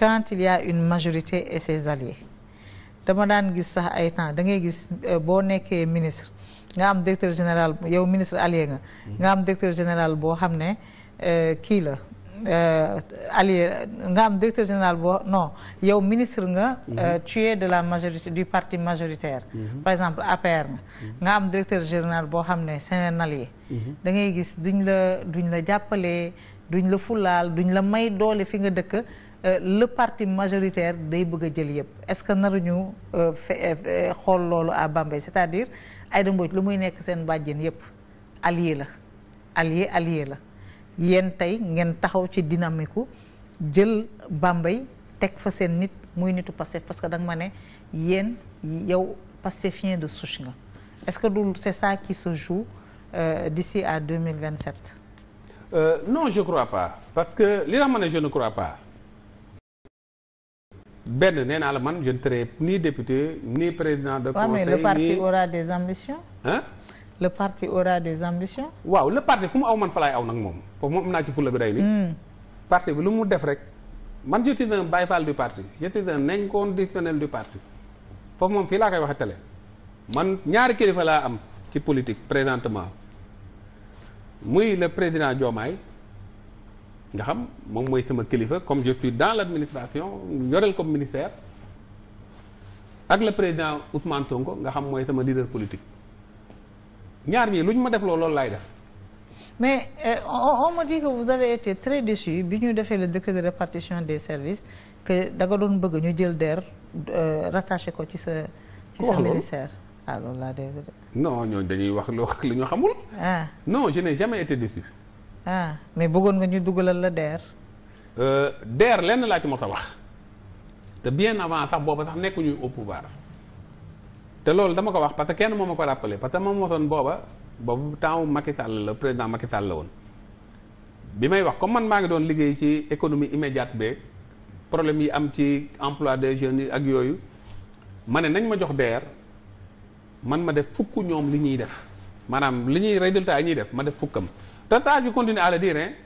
quand il une majorité et ses alliés dama daan gis sax ay temps da ngay gis euh, boo nekkee ministre nga am directeur général yow ministre allié nga nga am directeur général boo xam ne euh, kii la euh, allié nga am directeur général boo non yow ministre nga mhm. tu de la majorité du parti majoritaire mhm. par exemple APR nga mhm. nga am directeur général boo xam ne c'est un da ngay gis duñ la duñ la jàppale duñ la fulaal duñ la may doole fi nga dëkk Euh, le parti majoritaire day bëgg a jël yëpp est-ce que naruñu euh, euh, xool loolu à Bambey c'est-à-dire Aïda Mbodj lu muy nekk seen bàjjen yëpp allié la allié allié la yéen tey ngeen taxaw ci dynamique jël Bambey teg fa seen nit muy nitu Pastef parce que da ma ne yéen yow pastefien de souche nga est-ce que du c'est ça qui se joue euh, d'ici à 2027 euh, non je crois pas parce que li nga xam ne je ne crois pas benn nee naa la man je ne serai ni député ni président de. conseil ouais, mais le parti des ambitions. Hein? le parti aura des ambitions. waaw le parti fu mu aw man fa laay aw nag moom foofu moom am naa ci fulla gu day ni hmm. parti bi lu mu def rek man je suis un Baye Fall du parti je suis un inconditionnel du parti foofu moom fii laa koy waxee tele man ñaari kilifa laa am ci politique présentement muy le président Diomaye. nga xam moom mooy sama kilifa comme je suis dans l' administration yoreel comme ministère ak le président Ousmane Sonko nga xam mooy sama leader politique ñaar ñii lu ñu ma def loolu laay def. mais euh, on, m'a dit que vous avez été très déçu bi ñu defee le décret de répartition des services que da nga doon bëgg ñu jël DER euh, rattaché ko ci sa. ci sa ministère ah loolu laa dégg. non ñooñu dañuy wax loo lu ñu xamul. ah non je n'ai jamais été déçu. ah mais bëggoon nga ñu dugalal la DER. Euh, DER lenn laa ci mos a wax te bien avant sax booba sax nekkuñu au pouvoir te loolu dama ko wax parce que kenn moo ma ko rappelé parce que ma mosoon booba boobu temps Macky Sall la président Macky la woon bi may wax comme man maa ngi doon liggéey ci économie immédiate beeg problème yi am ci emplois des jeunes yi ak yooyu ma ne nañ ma jox DER man ma def fukk ñoom li ñuy def maanaam li ñuy résultat ñuy def ma def fukkam Tata, je continue à le dire, hein.